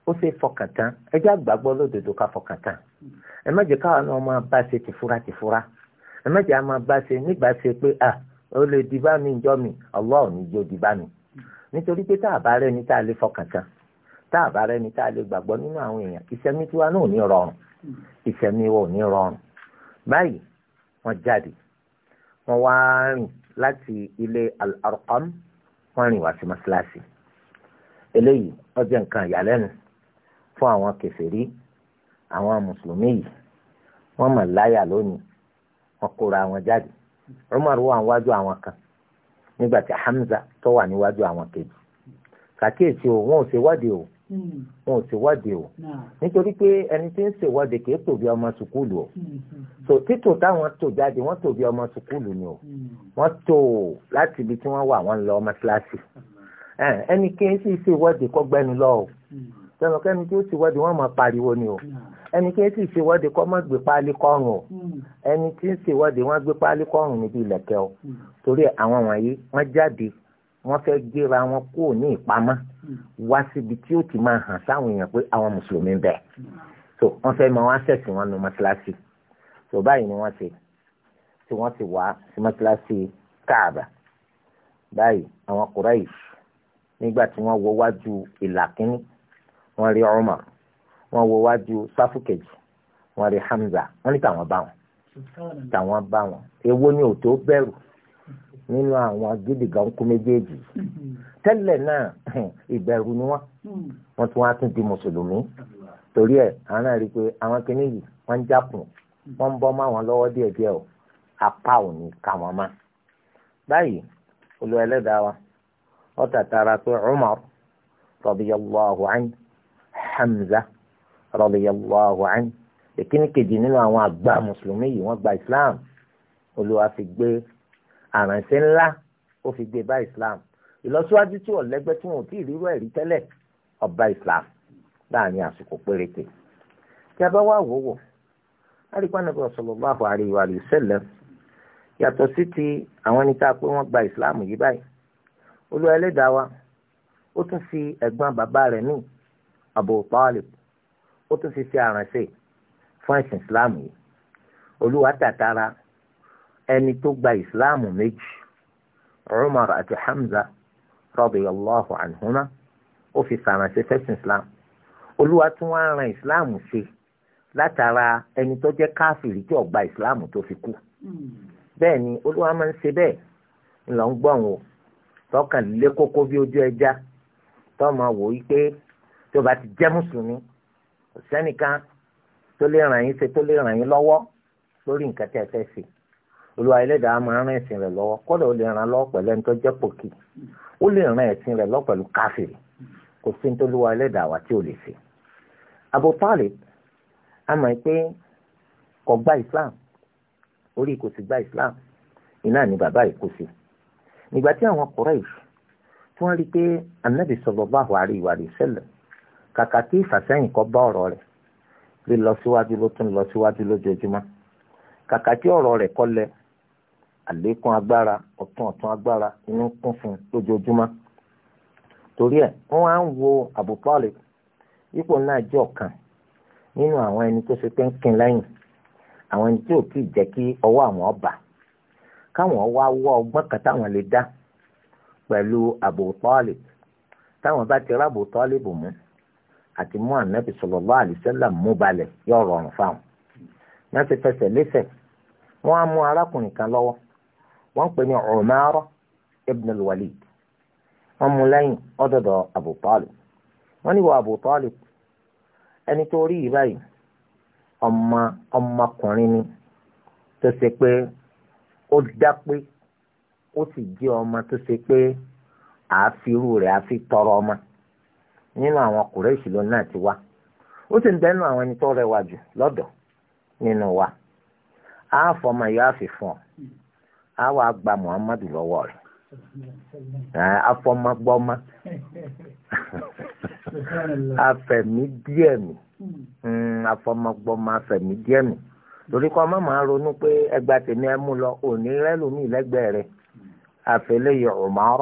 ó ṣe fọkàn tán ẹ jẹ́ àgbàgbọ́ olódodo ká fọkàn tán ẹ má jẹ́ káwọn náà máa bá ṣe tìfura tìfura ẹ má jẹ́ àwọn máa bá ṣe nígbà ṣe pé à ó lè di bá mi ìjọ mi Allah ò ní jó di bá mi nítorí pé tá a bá rẹ́ni tá a lè fọkàn tá a bá rẹ́ni tá a lè gbàgbọ́ nínú àwọn èèyàn ìṣẹ́mi tiwa náà ò ní rọrùn ìṣẹ́mi wa ò ní rọrùn báyìí wọ́n jáde wọ́n wá rìn láti ilé al-Arqam wọ́n rìn wá sí mọ́ṣáláṣí eléyìí ó jẹ́ nǹkan ìyàlẹ́nu fún àwọn kèfèrí àwọn mùsùlùmí yìí wọ́n mà láyà lónìí wọ́n kóra wọn jáde Umar wà níwájú àwọn kan nígbà tí Hamza tó wà níwájú àwọn kejì kàkíyèsí o wọn ò ṣèwádìí o wọn ò ṣèwádìí o hmm. nítorí pé ẹni tí ń ṣèwádìí kì í tò bí ọmọ sùkúlù o hmm, hmm, so títò táwọn tò jáde wọ́n tò bí ọmọ sùkúlù ni o wọ́n tò láti ibi tí wọ́n wà wọ́n lọ ọmọ kíláàsì ẹni kí n sì ṣèwádìí kọ́ gbẹ́nu lọ o tẹnukẹ́ni tí ó ṣèwádìí wọ́n máa pariwo ni o ẹni tí ń sì ṣèwọ́de kọ́ mọ́ gbé páálí kọ́rùn o ẹni tí ń ṣèwọ́de wọ́n gbé páálí kọ́rùn níbi ìlẹ̀kẹ́ o torí àwọn wọ̀nyí wọ́n jáde wọ́n fẹ́ gbéra wọn kó ní ìpamọ́ wá síbi tí ó ti máa hàn sáwọn èèyàn pé àwọn mùsùlùmí bẹ̀ so wọ́n fẹ́ máa wá ṣẹ̀sìn wọn nu mọ́ṣáláṣí so báyìí ni wọ́n ṣe tí wọ́n ti wá sí mọ́ṣáláṣí káàbà báyìí àwọn Quraish nígbà tí wọ́n wọ wájú ìlà kínní wọ́n rí Umar wọ́n wọ wájú sáfù kejì wọ́n rí Hamza wọ́n ní tàwọn bá wọn tàwọn bá wọn èwo ni òtó bẹ̀rù nínú àwọn agídìgà ńkú méjèèjì tẹ́lẹ̀ náà ìbẹ̀rù ni wọ́n wọ́n tún wá tún di mùsùlùmí torí ẹ̀ àwọn náà rí i pé àwọn kinní yìí wọ́n ń jápùn wọ́n ń bọ́ mọ́ àwọn lọ́wọ́ díẹ̀ díẹ̀ o apá ò ní ká wọn má. báyìí olú ẹlẹ́dàá wa ó tàtàrà pé Umar radiyallahu anhu Hamza radiyallahu anhu ìkíní kejì nínú àwọn àgbà mùsùlùmí yìí wọ́n gba Islam olúwa fi gbé àrántí ńlá ó fi gbé bá islam ìlọsíwájú tí ò lẹ́gbẹ́ tí wọn ò tí ì rírọ ẹ̀rí tẹ́lẹ̀ ọba islam láàrin àsìkò péréte tí a bá wá wò wò alìpá nàbẹ sallallahu alaihi wa sallam yàtọ̀ sí ti àwọn ẹni tá a pé wọn gba islam yìí báyìí olúwa ẹlẹ́dàá wa ó tún fi ẹ̀gbọ́n bàbá rẹ̀ ní Abu Talib ó tún fi fi àrànṣe fún ẹ̀sìn islam yìí olúwa tàtàrà ẹni tó gba ìsìláàmù méjì Umar àti Hamza radiyallahu anhuma ó fi fàrànṣẹ́ fẹ́sìn islam olúwa tún wá ran islam ṣe látara ẹni tó jẹ́ káfìrí tí ó gba islam tó fi kú bẹ́ẹ̀ ni olúwa máa ń ṣe bẹ́ẹ̀ ńlọ ń gbọ̀n o tọkàn lé kókó bí ojú ẹja tó máa wò yí pé tó bá ti jẹ́ mùsùlùmí sẹ́nìkan tó lè ràn yín ṣe tó lè ràn yín lọ́wọ́ lórí nǹkan tẹ́ ẹ fẹ́ ṣe olúwa ẹlẹ́dàá máa ràn ẹ̀sìn rẹ̀ lọ́wọ́ kọ́dọ̀ ó lè ràn lọ́wọ́ pẹ̀lú ẹni tó jẹ́ pòkì ó lè ràn ẹ̀sìn rẹ̀ lọ́wọ́ pẹ̀lú káfíìrì kò sí nítorí olúwa ẹlẹ́dàá wa tí ò lè ṣe. Abu Talib a mọ̀ pé kò gba Islam orí kò sì gba Islam iná ni bàbá yìí kò sí. nígbà tí àwọn Quraysh tí wọ́n rí pé anabi sallallahu alaihi wa sallam kàkà kí ìfàsẹ́yìn kọ́ bá ọ̀rọ̀ rẹ̀ lè lọ síwájú ló tún lọ síwájú lójoojúmọ́ kàkà tí ọ̀rọ̀ rẹ̀ kọ́lẹ̀ àlékún agbára ọ̀tún ọ̀tún agbára inú kún fún lójoojúmọ́ torí ẹ̀ wọ́n á ń wo Abu Talib ipò náà jẹ́ ọ̀kan nínú àwọn ẹni tó ṣe pé ń kin lẹ́yìn àwọn ẹni tí ò tí ì jẹ́ kí ọwọ́ àwọn ọba káwọn wá wọ́ ọgbọ́n kan táwọn lè dá pẹ̀lú Abu Talib táwọn bá ti rábò Talib bò mú àti mú ànábì sallallahu alaihi wasallam mú balẹ̀ yóò rọrùn fáwọn. wọ́n ti fẹsẹ̀ lẹ́sẹ̀ wọ́n á mú arákùnrin kan lọ́wọ́ wọ́n pè ní Umara ibn al-Walid wọ́n mú lẹ́yìn ọ̀dọ̀dọ̀ Abu Talib wọ́n ní wọ Abu ẹni tó rí yìí báyìí ọmọ ọmọkùnrin ni tó ṣe pé ó dápé ó sì jí ọmọ tó ṣe pé àáfirú rẹ̀ àfi tọrọ ọmọ nínú àwọn ọkùnrin ló náà ti wá ó sì ń bẹ́nu àwọn ẹni tó rẹwà jù lọ́dọ̀ nínú wa àáfọmọ yóò àfi fún ọ. á wà gba muhammadu lọ́wọ́ rẹ̀ afọmagbọ́má afẹ̀mí díẹ̀ mi hmm, afọmagbọ́má afẹ̀mí díẹ̀ mi torí kọ́ má máa ronú pé ẹgbà tèmi ẹ mú lọ òní rẹ́lùmí lẹ́gbẹ̀ẹ́ rẹ̀ àfẹlẹ́yọ̀ Umar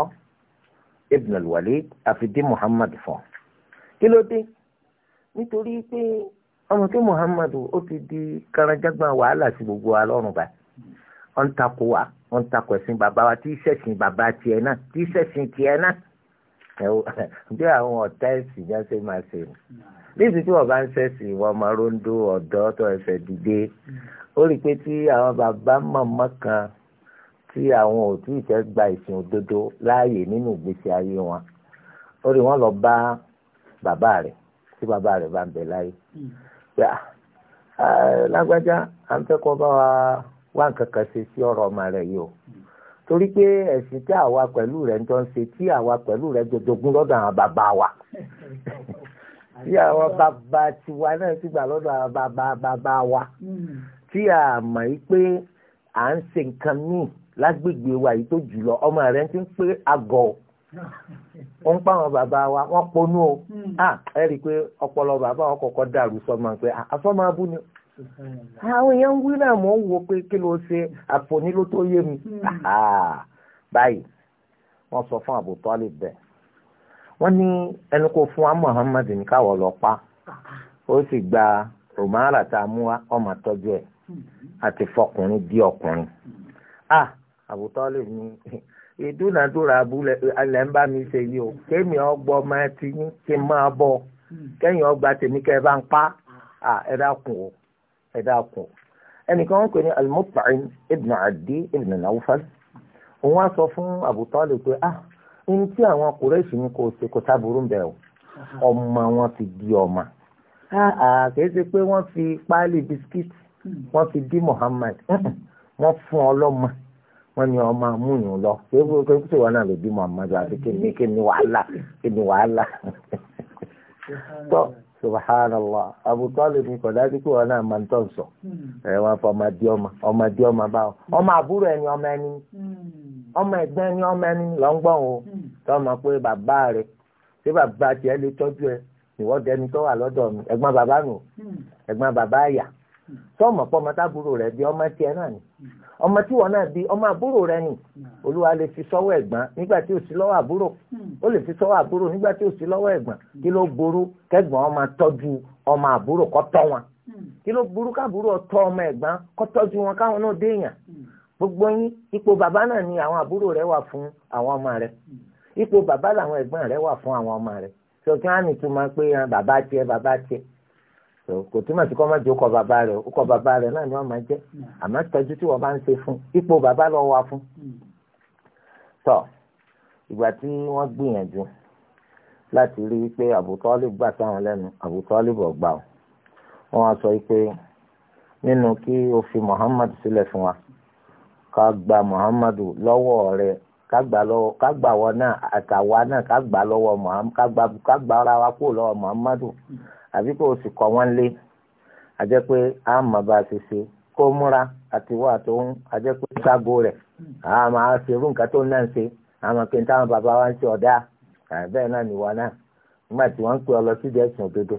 ibn al-Walid àfidí Muhammad fún kí ló dé nítorí pé ọmọ tí Muhammad ó ti di karanjagba wàhálà sí gbogbo alọ́run báyìí ọ̀ ń takò wàá wọ́n ń ẹ̀sìn bàbá wa tí ìṣẹ̀sìn bàbá tiẹ̀ náà tí ìṣẹ̀sìn tiẹ̀ náà bí àwọn ọ̀tá ẹ̀sìn yẹn ṣe máa ṣe nù níbi tí wọ́n bá ń ṣẹ̀sìn ìwọ ọmọ rondo ọ̀dọ́ tó ẹsẹ̀ dìde ó rí i pé tí àwọn bàbá mọ̀mọ́ kan tí àwọn ò tí ì fẹ́ gba ìsìn òdodo láàyè nínú ìgbésí ayé wọn ó rí wọn lọ bá bàbá rẹ̀ tí bàbá rẹ̀ bá ń bẹ láyé hmm. ah, ah, lágbájá à ń fẹ́ kọ́ bá wa wá nǹkan kan ṣe sí ọ̀rọ̀ ọmọ rẹ̀ yìí o torí pé ẹ̀sìn tí àwa pẹ̀lú rẹ̀ ń jọ ń ṣe tí àwa pẹ̀lú rẹ̀ jọjọgún lọ́dọ̀ àwọn bàbá wa tí àwọn bàbá tiwa náà ti gbà lọ́dọ̀ àwọn bàbá bàbá wa hmm. tí a mọ̀ yìí pé à ń ṣe nǹkan míì lágbègbè wa yìí tó jùlọ ọmọ rẹ̀ ti ń pé àgọ̀ ó ń pàwọn bàbá wa wọ́n ponú o hmm. ẹ rí i pé ọpọlọ bàbá wọn kọ́kọ́ dàrú sọmọ pé àfọmọ abúni àwọn èèyàn ń wí náà mọ̀ ń wo pé kí ló ṣe àpò nílò tó yé mi hmm. báyìí wọ́n sọ fún Abu Talib bẹ́ẹ̀ wọ́n ní ẹnu kò fún wa Muhammad ní káwọ́ lọ pa ó sì gba Umara tá a mú wa ọmọ àtọ́jú ẹ̀ àti hmm. fọkùnrin bí ọkùnrin hmm. ah Abu Talib ní ìdúnadúrà abúlé alẹ́ ń bá mi ṣe yìí o kémi ọgbọ́ máa ti ní kí n máa bọ̀ kẹ́yìn ọgbà tèmi kẹ́ ẹ bá ń pa ah. Ah, ẹ dákun o ẹ̀dá kù ẹnìkan wọ́n pè ní al-Mut'im ibn Adi ibn Nawfal òun wá sọ fún Abu Talib pé ah ní tí àwọn Quraysh ní kò ṣe kò sábúrú ń bẹ̀ o ọmọ wọn ti di ọmọ kìí ṣe pé wọ́n fi páálí bisikíìtì wọ́n fi dí Muhammad wọ́n fún ọ lọ́mọ wọ́n ní ọmọ amúyùn lọ kéwọ́n kéwọ́n náà lè bí Muhammad àti kéwọ́n ní wàhálà kéwọ́n ní wàhálà subhanallah Abu Talib ní kọ̀dá kíkú wọn náà máa ń tọ̀ sọ hmm. ẹ wọn fọ ọmọdé ọmọ ọmọdé ọmọ báwọn hmm. ọmọ àbúrò ẹni ọmọ ẹni hmm. ọmọ ẹgbẹ́ ẹni ọmọ ẹni lọ ń gbọ̀n o tọmọ pé bàbá rẹ ṣé bàbá tiẹ̀ lè tọ́jú ẹ ìwọ́de ẹni tó wà lọ́dọ̀ mi ẹ̀gbọ́n bàbá nù ẹ̀gbọ́n bàbá àyà tọmọ pọ́ ọmọ tábúrò rẹ bí ọmọ tiẹ̀ náà ni ọmọ tí wọn náà bí ọmọ àbúrò rẹ nì hmm. olúwa lè fi sọ́wọ́ ẹ̀gbọ́n nígbà tí ò sí lọ́wọ́ àbúrò hmm. ó lè fi sọ́wọ́ àbúrò nígbà tí ò sí lọ́wọ́ ẹ̀gbọ́n hmm. kí ló burú kẹ́gbọ́n ọmọ tọ́jú ọmọ àbúrò kó tọ́ wọn kí ló burú káàbúrò tọ́ ọmọ ẹ̀gbọ́n kó tọ́jú wọn káwọn náà déèyàn gbogbo yín ipò bàbá náà ni àwọn àbúrò rẹ wà fún àwọn ọmọ rẹ ipò bàbá làwọn ẹ̀gbọ́n rẹ wà fún àwọn ọmọ rẹ sọ kí wọn á nìtúmọ̀ pé kò túmọ̀ sí kọ́ má jẹ́ ọkọ̀ bàbá rẹ̀ ọkọ̀ bàbá rẹ̀ náà ni wọ́n máa jẹ́ hmm. àmọ́ tọ́jú tí wọ́n bá ń ṣe fún ipò bàbá lọ wà fún. Hmm. tọ́ ìgbà tí wọ́n gbìyànjú láti rí i pé Abu Talib gbà sáwọn lẹ́nu Abu Talib bọ̀ gbà ó wọ́n wá sọ pé nínú kí o fi Muhammad sílẹ̀ fún wa ká gba Muhammad lọ́wọ́ rẹ̀ ká gbà wọ́n náà àtàwa náà ká gbà lọ́wọ́ Muhammad ká gbà ara wa kúrò lọ́wọ́ Muhammad. Mm àbí kò sì kọ́ wọ́n lé àjẹ́ pé a mọ̀ bá a ṣe ṣe kó múra àti wà tó ń àjẹ́ pé ságo rẹ̀ a máa ṣe irú nǹkan tó náà ṣe àwọn kí n táwọn bàbá wa ń ṣe ọ̀dà bẹ́ẹ̀ náà nìwọ náà nígbà tí wọ́n ń pè ọ lọ sídìí ẹ̀sìn òdodo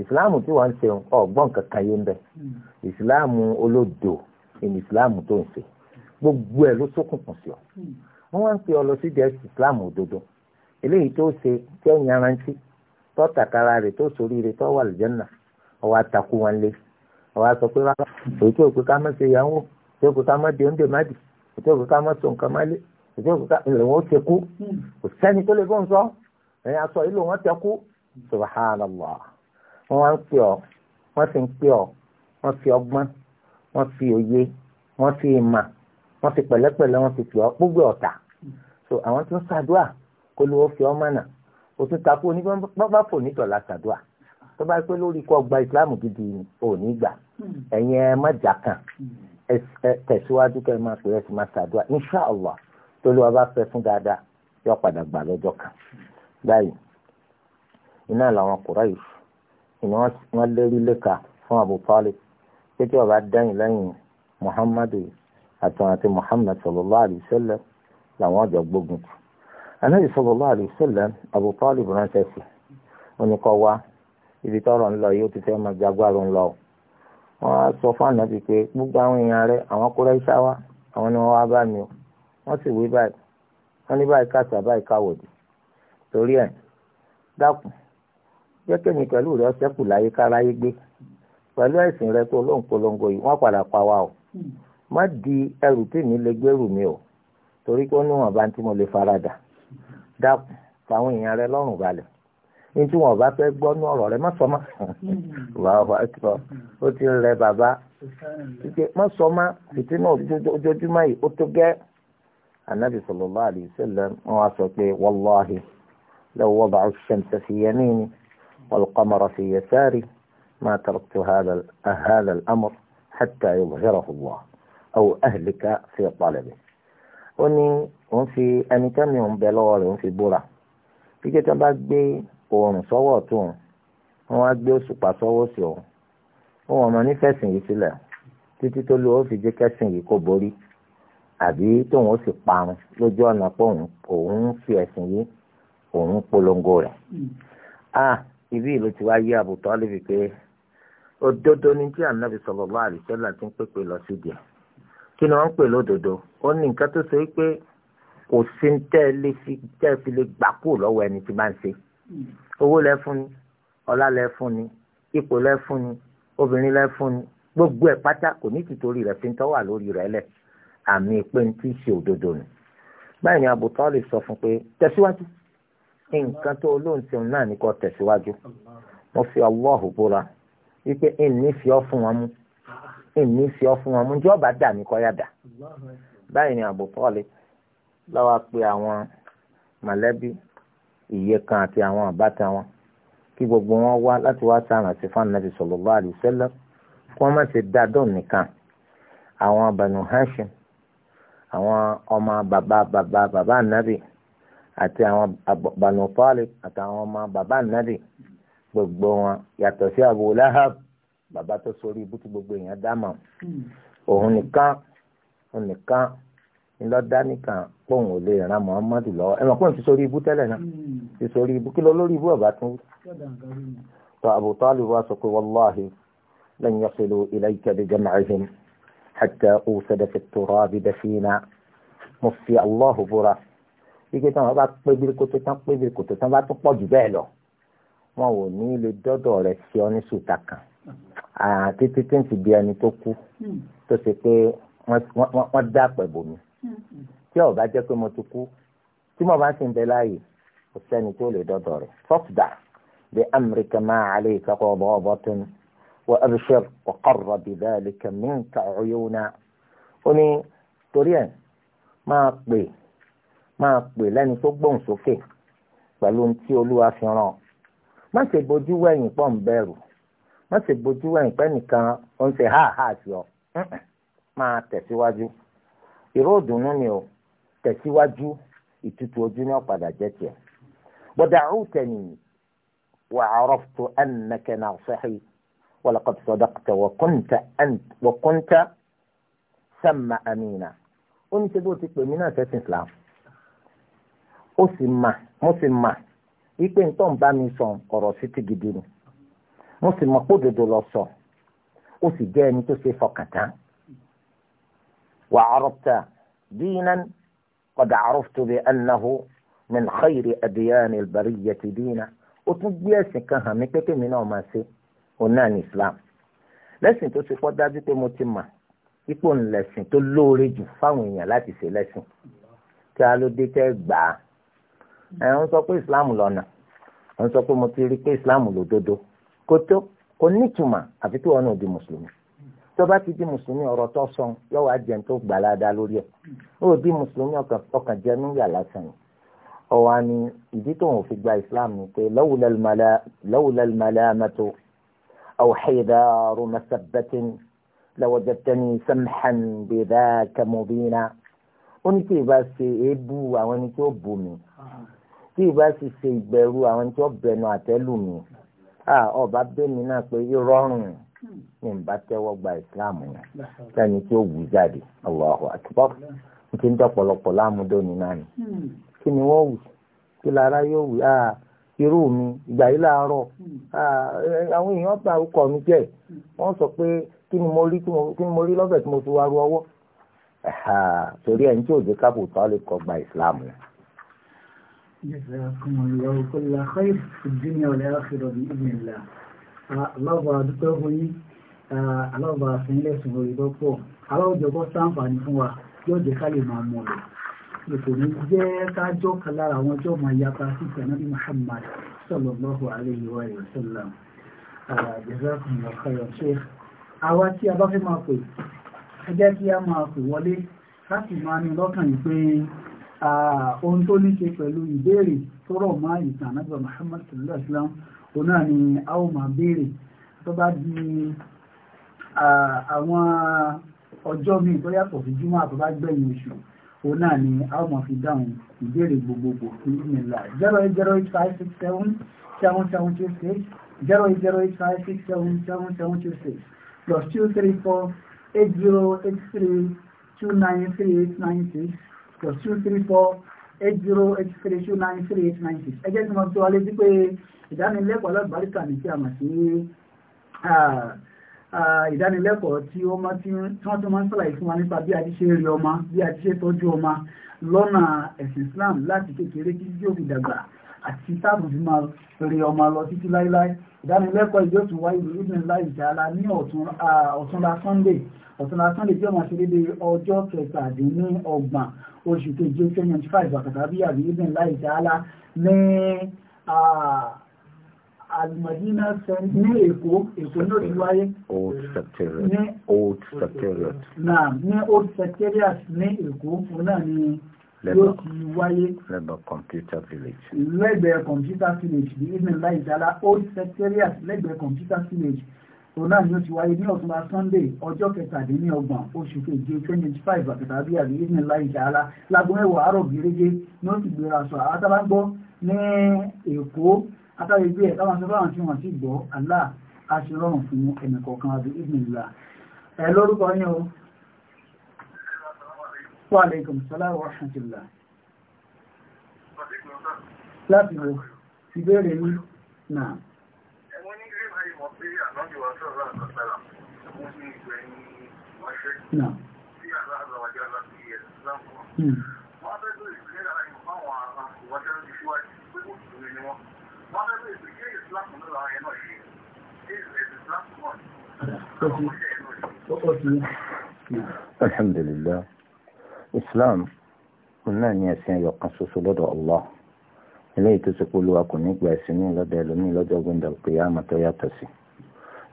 ìsìláàmù tí wọ́n ń ṣe ọ̀gbọ́n kankan yé ń bẹ ìsìláàmù olódo ìní ìsìláàmù tó ń ṣe gbogbo ẹ̀ ló ṣókùnkùn sí ọ wọ́n wá ń pè ọ lọ sídìí ẹ̀sìn ìsìláàmù òdodo eléyìí tó ṣe tí ó yanrantí tó tàkàrà rẹ̀ tó sórí rẹ̀ tó wà lìjọ́nà ọwọ́ àtàkù wọn lé ọwọ́ àsọ pé rárá èyí tí òkú ká má ṣe yàwó èyí òkú ká má di oúnjẹ má dì èyí òkú ká má so nǹkan má lé èyí òkú ká ilẹ̀ wọn ó kú kò sẹ́ni tó lè bọ́n sọ ẹ̀yin aṣọ ìlú wọn ti kú subhanallah wọn wá ń pè ọ wọn sì ń pè ọ wọn fi ọgbọ́n wọn fi òye wọn fi ìmọ̀ wọn fi pẹ̀lẹ́pẹ̀lẹ́ wọn fi pè ọ gbogbo ọ̀tà so àwọn tó ń ṣàdúrà kó lówó fi ọmọ náà o tún takú oní bá bá fò nítọ̀ látàdúà tó bá pẹ́ lórí kọ́ gba ìsìláàmù gidi ò ní gbà hmm. ẹ̀yin ẹ má jà kàn hmm. ẹ tẹ̀síwájú kẹ́ ẹ máa pè é sì máa ṣàdúà inṣàlá tó ló wa bá fẹ́ fún dáadáa yóò padà gbà lọ́jọ́ kan báyìí iná làwọn Quraish ìní wọ́n lérí lẹ́ka fún Abu Talib pété ọba dẹ́yìn lẹ́yìn Muhammadu àtàwọn àti Muhammad sallallahu alaihi wasallam làwọn ọjọ́ gbógun tì anabi sallallahu alaihi wasallam Abu Talib ránṣẹ́ sí oníkọ wa ibi tọrọ ńlọ yóò ti fẹ́ máa jagbára ńlọ wọn á sọ fún anabi pé gbogbo àwọn èèyàn rẹ̀ àwọn Qurayṣa wa àwọn ni wọn wá bá mi o wọn sì wí báyìí wọn ní báyìí káàtà báyìí káwòdì torí ẹ̀ dákun jẹ́ kẹ́mi pẹ̀lú rẹ̀ ọ̀sẹ́kù láyé káráyé gbé pẹ̀lú ẹ̀sìn rẹ̀ tó lóun polongo yìí wọ́n padà pa wa o hmm. má di ẹrù tèmi lè gbẹ́rù mi o torí pé ó níwọ̀n bá ń tí mo lè faradà dákun fáwọn èèyàn rẹ lọ́rùn balẹ̀ ní tí wọn bá fẹ́ gbọ́ ní ọ̀rọ̀ rẹ má sọ má wàá tó ó ti rẹ so ma wa waa so o ti re baba ike má sọ má fìtínà ojoojúmọ́ yìí ó tó gẹ́ anabi sallallahu alayhi wa sallam wọn wá sọ pé yen ni ni ash-shamsa fi yamini wal-qamara fi yasari ma taraktu hadha al-amr hatta yudhhirahu Allah aw ahlika fi talabihi. ó ní òun fi ẹni tẹ́mi òun bẹ lọ́wọ́ rẹ̀ òun fi búra kíkẹ́ tí wọ́n bá gbé oòrùn sọ́wọ́ ọ̀tún wọn wá gbé òṣùpá sọ́wọ́ sí òun òun ọmọ nífẹ̀sìn yìí sílẹ̀ títí tó lu ó fi jẹ́ kẹ́sìn yìí kó borí àbí tóun ó sì parun lójú ọ̀nà pé òun ń fi ẹ̀sìn yìí òun polongo rẹ̀ ah ibi ìlú ti wá yí àbùtọ́ lébi pé òdodo ni tí ànábì sallallahu alaihi wasallam ti ń pèpè lọ sí díẹ̀ kí ni wọ́n ń pè lódodo ó ní nǹkan tó ṣe pé kò sí tẹ́ ẹ lè fi tẹ́ ẹ fi lè gbà kúrò lọ́wọ́ ẹni tí bá ń ṣe owó lẹ fún ni ọlá lẹ fún ni ipò lẹ fún ni obìnrin lẹ fún ni gbogbo ẹ̀ pátá kò ní tìtorí rẹ̀ fi ń tọ́wà lórí rẹ̀ lẹ̀ àmì pé ń tí ṣe òdodo nù báyìí ni Abu Talib sọ fún pé tẹ̀síwájú nǹkan tó olóhùn ti náà ní kó tẹ̀síwájú mo fi Allahu búra wípé ẹni fi ọ́ fún wọn mú ìní sí ọ fún wọn mú tí ọba dà mí kọ́ yàdà báyìí ni Abu Talib lọ́wọ́ pé àwọn mọ̀lẹ́bí ìyẹ́ kan àti àwọn àbátan wọn kí gbogbo wọn wá láti wá sàràn sí fún Ànábì sallallahu alaihi wasallam kí wọ́n má ṣe dá dùn nìkan àwọn Banu Hashim àwọn ọmọ bàbá bàbá bàbá Ànábì àti àwọn Banu Talib àtàwọn ọmọ bàbá Ànábì gbogbo wọn yàtọ̀ sí Abu Lahab bàbá tó sórí ibú tí gbogbo èèyàn dá mọ̀ hmm. òun nìkan òun nìkan ńlọ́dá nìkan pòun ò lè ran Muhammadu lọ́wọ́ ẹ̀wọ̀n pòun ti sórí ibú tẹ́lẹ̀ náà hmm. ti sórí ibú kí ló lórí ibú ọ̀bá tún. tó Abu Talib wá sọ pé wàláhi lan yasilu ilayka bi jam'ihim hatta usada fi turabi dafina mo fi Allahu búra ike tí wọn bá pé birikoto tán pé birikoto tán bá tún pọ̀ jù bẹ́ẹ̀ lọ wọn ò ní lè dọ́dọ̀ rẹ̀ sí ọ ní sùtà kan títí tí ń ti di ẹni tó kú hmm. tó ṣe pé wọ́n dá pẹ̀bù mi hmm. tí ó bá jẹ́ pé mo ti kú tí mo bá sì ń bẹ láàyè kò sẹ́ni tó lè dọ́dọ̀ rẹ̀ fọ́fdà bí amẹ́ríkà máa alẹ́ ìkọ́kọ̀ ọ̀bọ̀ ọ̀bọ̀ tó ní wọ́n ẹ̀rọṣẹ́ ọ̀kọ̀rọ̀ bí bẹ́ẹ̀ kẹ́mi ń ka ọ̀yọ́ náà ó ní torí ẹ̀ máa pè máa pè lẹ́ni tó gbóhùn sókè pẹ̀lú ohun olúwa fi ràn má ṣe bojú wẹ̀yìn pọ̀ ń bẹ̀rù má ṣe bójú ẹ̀yìn pẹ́ nìkan ó ń ṣe háàháà sí ọ máa tẹ̀síwájú ìró ìdùnnú ni o tẹ̀síwájú ìtutù ojú náà padà jẹ́ tiẹ̀ bọ́dà àrùtẹ̀nì wà àrọ́fùtù ẹnìnàkẹ́ náà sẹ́hìn wàlàkàtù sọ̀dọ̀kùtà wọ̀kúntà sẹ́mà àmìnà ó ní ṣe bó ti náà sẹ́sìn Islam ó sì mà mo sì mà wípé nítorí bá mi sọ ọ̀rọ̀ sí ti gidi ni mo sì mọ̀ pé òdodo lọ sọ ó sì jẹ́ ẹni tó ṣe fọkàn tán wà arọ́pútà dínan kọ̀dà arọ́pútà bíi ẹnnahu min khayri adiyan albariyati dina ó tún gbé ẹ̀sìn kan hàn mí pépé mi náà máa ṣe òun náà ní islam lẹ́sìn tó ṣe kọ́ dájú pé mo ti mà ipò ńlẹ̀sìn tó lóore jù fáwọn èèyàn láti ṣe lẹ́sìn kí a tẹ́ gbà á ẹ̀ ń sọ pé islam lọ́nà ẹ̀ ń sọ pé mo ti rí pé islam lòdodo kò tó kò nítumọ̀ àfi tí wọn náà di mùsùlùmí tó bá ti di mùsùlùmí ọ̀rọ̀ tó sọ yóò wá jẹun tó gbàládá lórí ẹ̀ ó di mùsùlùmí ọkàn jẹ níyà lásán ọ̀wá ni ìdí tó ń fi gba islam ni pé lawulal malamatu aw hidaru masabbatin lawajadtani samhan bidhaka mubina ó ìbá ṣe èébú àwọn ẹni tí ó bù tí ìbá sì ṣe ìbẹ̀rù àwọn ẹni tí bẹnu àtẹ́lù mí à ọba bẹ́mi náà pé ìrọ̀rùn ní nbà tẹ́wọ́ gba islam yẹn sani tí ó wù jáde Allahu akbar n ti ń dọ̀pọ̀lọpọ̀ láàmúdó ni náà ni kí ni wọ́n wù kí lára yóò wù á irú mi ìgbà yìí láàárọ̀ àwọn èèyàn bá orúkọ mi jẹ́ wọ́n sọ pé kí ni mo rí ni mo rí lọ́bẹ̀ tí mo fi wá ru ọwọ́ torí ẹ̀ ń tí òjò kábù tó lè kọ gba islam yẹn. جزاكم الله كل خير في الدنيا والآخرة بإذن الله الله àdúpẹ́ الله yín aláwọ̀ àfihànlẹ̀ الله ìbọn pọ̀ aláwọ̀ jọ̀bọ́ sáǹfààní fún wa yóò jẹ́ ká lè máa mọ̀ rẹ̀ kò ní jẹ́ kájọ́ kan lára àwọn ọjọ́ máa yapa sí ìtànábí Muhammad sallallahu alayhi wa sallam jazakumullahu khairan sheikh àwa tí a bá fẹ́ máa pè ẹgbẹ́ kí a máa pè wọlé láti máa ní lọ́kàn yìí pé ohun tó ní ṣe pẹ̀lú ìbéèrè tó rọ̀ mọ́ ìtàn anábìyà Muhammad sallallahu alayhi wa sallam òun náà ni a ó máa béèrè tó bá di àwọn ọjọ́ míì tó yàtọ̀ sí júmọ́ àtọ́bá gbẹ̀yìn oṣù òun náà ni a ó máa fi dáhùn ìbéèrè gbogbogbò fún ìmìlá zero eight zero eight five six seven seven seven two six zero eight zero eight five six seven seven seven two six plus two three four eight zero eight three two nine three eight nine six plus two three four eight zero eight three two nine three eight nine six ẹ jẹ́ kí wọ́n tó wálé sí pé ìdánilẹ́kọ̀ọ́ alábàárìkà ní tí a mọ̀ sí ìdánilẹ́kọ̀ọ́ tí ó máa wọ́n tó máa ń sọ̀rọ̀ ìfún wa nípa bí a ṣe rí ọmọ bí a ṣe tọ́jú ọmọ lọ́nà ẹ̀sìn Islam láti kékeré títí tí ó fi dàgbà àti táàbù fi máa rí ọmọ lọ títí láíláí ìdánilẹ́kọ̀ọ́ ìjọ tún wáyé ìrìnà láì jàlá ní ọ̀túnla sunday ọ̀túnla sunday tí ó máa ṣe dédé ọjọ́ kẹtàdínní ọgbọ̀n oṣù keje twenty five àkàtà bí àbí ìrìnà láì jàlá ní Almadina ní Èkó Èkó ní òtún wáyé ní Old Secretariat ní Èkó òun náà ni yóò ti wáyé computer village lẹ́gbẹ̀ẹ́ computer village The evening light dala old secretariat lẹ́gbẹ̀ẹ́ computer village òun náà ni ó ti wáyé ní ọ̀túnba sunday ọjọ́ kẹtàdínlọ́gbọ̀n oṣù keje twenty five àkàtàbíà ní evening light dala láago mẹ́wàá àárọ̀ gẹ́gẹ́ ni ó ti gbéra sọ àtàlágbọ́ ní èkó àtàlẹ́gbé ẹ̀ táwọn sọ fáwọn tí wọ́n ti gbọ́ àlá àṣírọ̀rùn fún ẹnì kọ̀ọ̀kan àbí evening light ẹ̀ lórúkọ yẹn o وعليكم السلام ورحمة الله لا تنهوك في بيري نعم نعم الحمد لله islam náà ni ẹ̀sìn ẹ̀yọ̀ kan ṣoṣo lọ́dọ̀ allah eléyìí tó ṣe polówó kò ní gba ẹ̀sìn ní lọ́dọ̀ ẹlòmíì lọ́jọ́ gbọ́ndà pé àmọ́ tó yàtọ̀ sí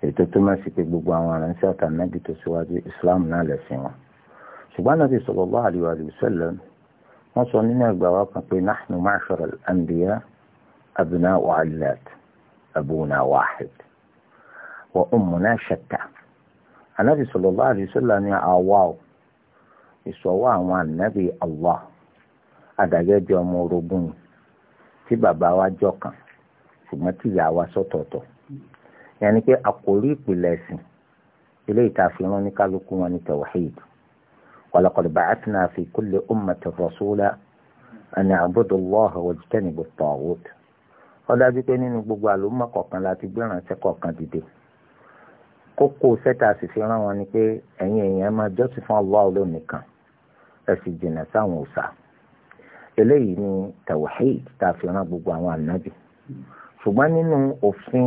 ètò tó máa ṣe pé gbogbo àwọn aránṣẹ́ àtànábì tó ṣíwájú islam náà lẹ̀sìn wọn ṣùgbọ́n nàbí sallallahu alaihi wa sallam wọ́n sọ nínú ẹgbà wa kan pé nahnu ma'shara al-anbiya abna'u abuna wahid wa ummuna shatta ànábì sallallahu alaihi wa sallam ni àwa o ìṣọwọ́ àwọn ànábì Allah àdàgẹ́jọ ọmọ orogún tí bàbá wa jọ kan ṣùgbọ́n tí ìyá wa sọ̀tọ̀ọ̀tọ̀ yẹn ni pé àkórí ìpìlẹ̀ ẹ̀sìn ilé ìtàfihàn ní kálukú wọn ní tawhid walaqad ba'athna fi kulli ummatin rasula an a'budu Allah wajtanibu at-taghut ó dájú pé nínú gbogbo àlùmọ́ kọ̀ọ̀kan láti gbẹ́ràn ṣẹ́ kọ̀ọ̀kan dìde kókó sẹ́tà sì fi rán wọn ni pé ẹ̀yin èèyàn máa jọ́sìn fún Allah lónìí ẹ sì jìnnà sáwọn òòṣà eléyìí ni tawhid tá a fi ran gbogbo àwọn ànábì ṣùgbọ́n nínú òfin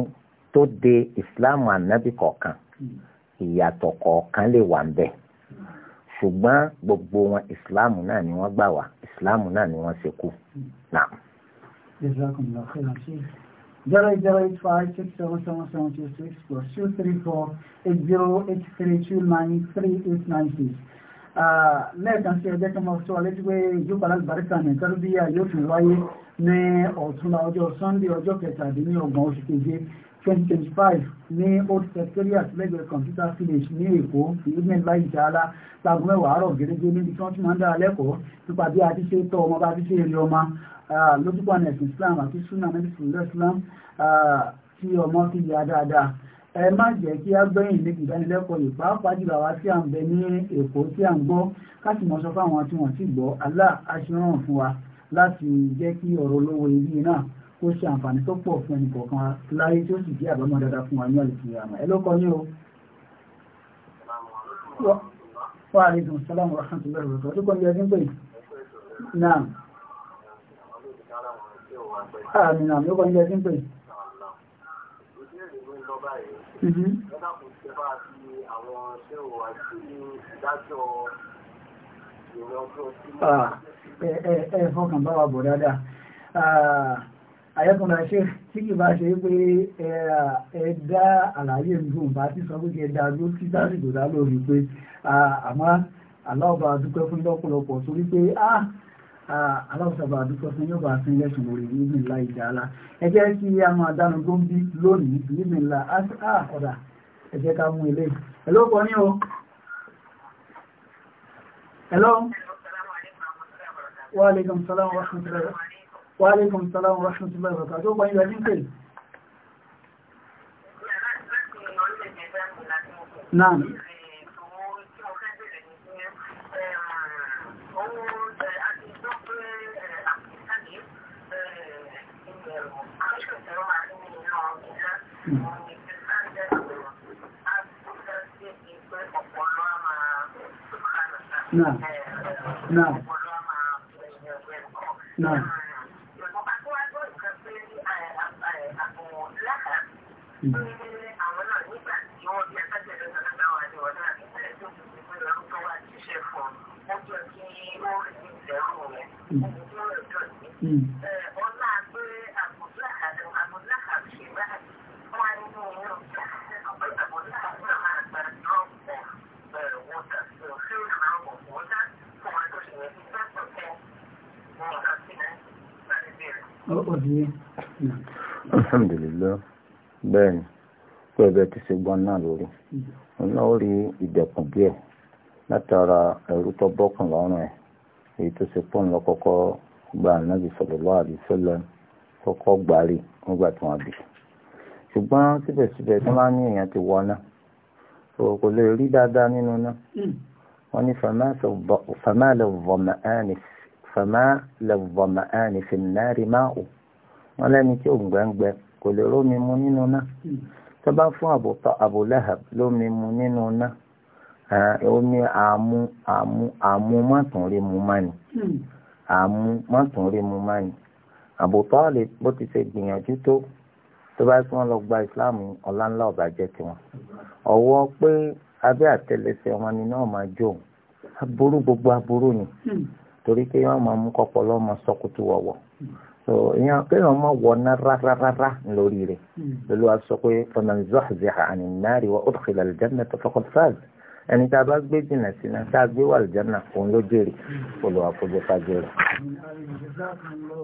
tó de ìsìláàmù ànábì kọ̀ọ̀kan ìyàtọ̀ kọ̀ọ̀kan lè wà ń bẹ̀ ṣùgbọ́n gbogbo wọn ìsìláàmù náà ni wọ́n gbà wá ìsìláàmù náà ni wọ́n ṣe kú náà. Zero eight zero eight five six seven seven seven two six plus two three four eight zero eight three two nine three eight nine six lẹ́ẹ̀kan sí ẹjẹ́ kí wọ́n sọ létí pé ìjókòó alágbàríkà ní tẹ́lúbíyà yóò fi wáyé ní ọ̀túnla ọjọ́ sunday ọjọ́ kẹtàdínlọ́gbọ̀n oṣù keje 2025 ní old secretariat lẹ́gbẹ̀ẹ́ computer village ní èkó ìgbìmọ̀ láì jàálá lágùn mẹ́wàá àárọ̀ gẹ́gẹ́ níbi tí wọ́n ti máa ń dára lẹ́kọ̀ọ́ nípa bí a ti ṣe tọ́ ọmọ bá ti ṣe rí ọmọ lójúpọ̀ ẹ̀sìn ẹ má jẹ́ kí á gbẹ̀yìn níbi ìdánilẹ́kọ̀ọ́ yìí pàápàá jùlọ àwa tí à ń bẹ ní èkó tí à ń gbọ́ káàsì mọ́ sọ fáwọn tí wọ́n ti gbọ́ alá aṣíràn fún wa láti jẹ́ kí ọ̀rọ̀ olówó ibi náà kó ṣe àǹfààní tó pọ̀ fún ẹnì kọ̀ọ̀kan láyé tí ó sì jẹ́ àbámọ̀ dáadáa fún wa ní àlùkìyà àmọ́ ẹ lọ́kọ ní o. wa alaikum salam wa báyìí lọ́dà kò ṣe bá fi àwọn ṣé o wà sí ìdájọ́ ìrìn ọjọ́ sí. Ah, ẹ ẹ fọkàn bá wa bọ̀ dáadáa àyẹ́kùnrin ah, àṣẹ tí kì bá ṣe pé ẹ dá àlàyé nǹkan bá ti sọ pé kí ẹ dá ló tí sásìkò dá lórí pé ah, àmọ́ àlọ́ọ̀bà dúpẹ́ fún lọ́pọ̀lọpọ̀ torí pé aláwọ̀sàbà àdúgbò fún yóò bá fún lẹ́sùn orí níbi ńlá ìjàlá ẹ jẹ́ kí a máa dánu tó ń bí lónìí níbi ńlá àkọ́dà ẹ jẹ́ ká mú ilé ẹ̀lọ́ pọ̀ ní o ẹ̀lọ́ wa alaikum salam wa rahmatullahi wa barakatuh pọ̀ ilẹ̀ ní pé náà Náà. Mm-hmm. alhamdulillah bẹ́ẹ̀ni pé ẹbẹ ti ṣe gbọ́n náà lórí ọ̀nà ó rí ìdẹ̀kùn díẹ̀ látara ẹ̀rú tó bọ́kùn lọ́rùn ẹ̀ èyí tó ṣe pọ́n lọ kọ́kọ́ gba ànábì sallallahu alaihi wasallam kọ́kọ́ gbárí nígbà tí wọ́n bì ṣùgbọ́n síbẹ̀síbẹ̀ tí wọ́n ní èèyàn ti wọ náà kò lè rí dáadáa nínú náà hmm. wọ́n ní fàmáàlẹ̀ vọ̀mọ̀ ánìf fama lẹ́gbọ̀mọ̀ánì fìnnárì máa ò wọ́n lẹ́ni tí òun gbẹ́ngbẹ́ kò lè rómi mu nínú náà tó bá fún Abu Lahab lómi mu nínú náà omi àmú àmú àmú mọ́tòrí mu máa ní àmú mọ́tòrí mu máa ní Abu Talib bó ti ṣe gbìyànjú tó tó bá tí lọ gba ìsìláàmù ọ̀làńlá ọ̀bàjẹ́ tiwọn ọ̀wọ́ pé abẹ́ àtẹlẹsẹ̀ wọn ni náà máa jó aburú gbogbo aburú ni torí pé wọ́n máa mú kọ́pọ̀ lọ́mọ sọ́kùtù wọ̀wọ̀ so ìyẹn kéèyàn máa wọ̀ ná rárára lórí rẹ̀ hmm. lọ́lọ́ wa sọ pé faman zuhziha ani nari wa udkhila al-jannata faqad faz ẹni tá a bá gbé jìnnà sí náà tá a gbé wà lìjánà òun ló jèrè hmm. olùwàfọ̀jọ́fà jèrè. Hmm.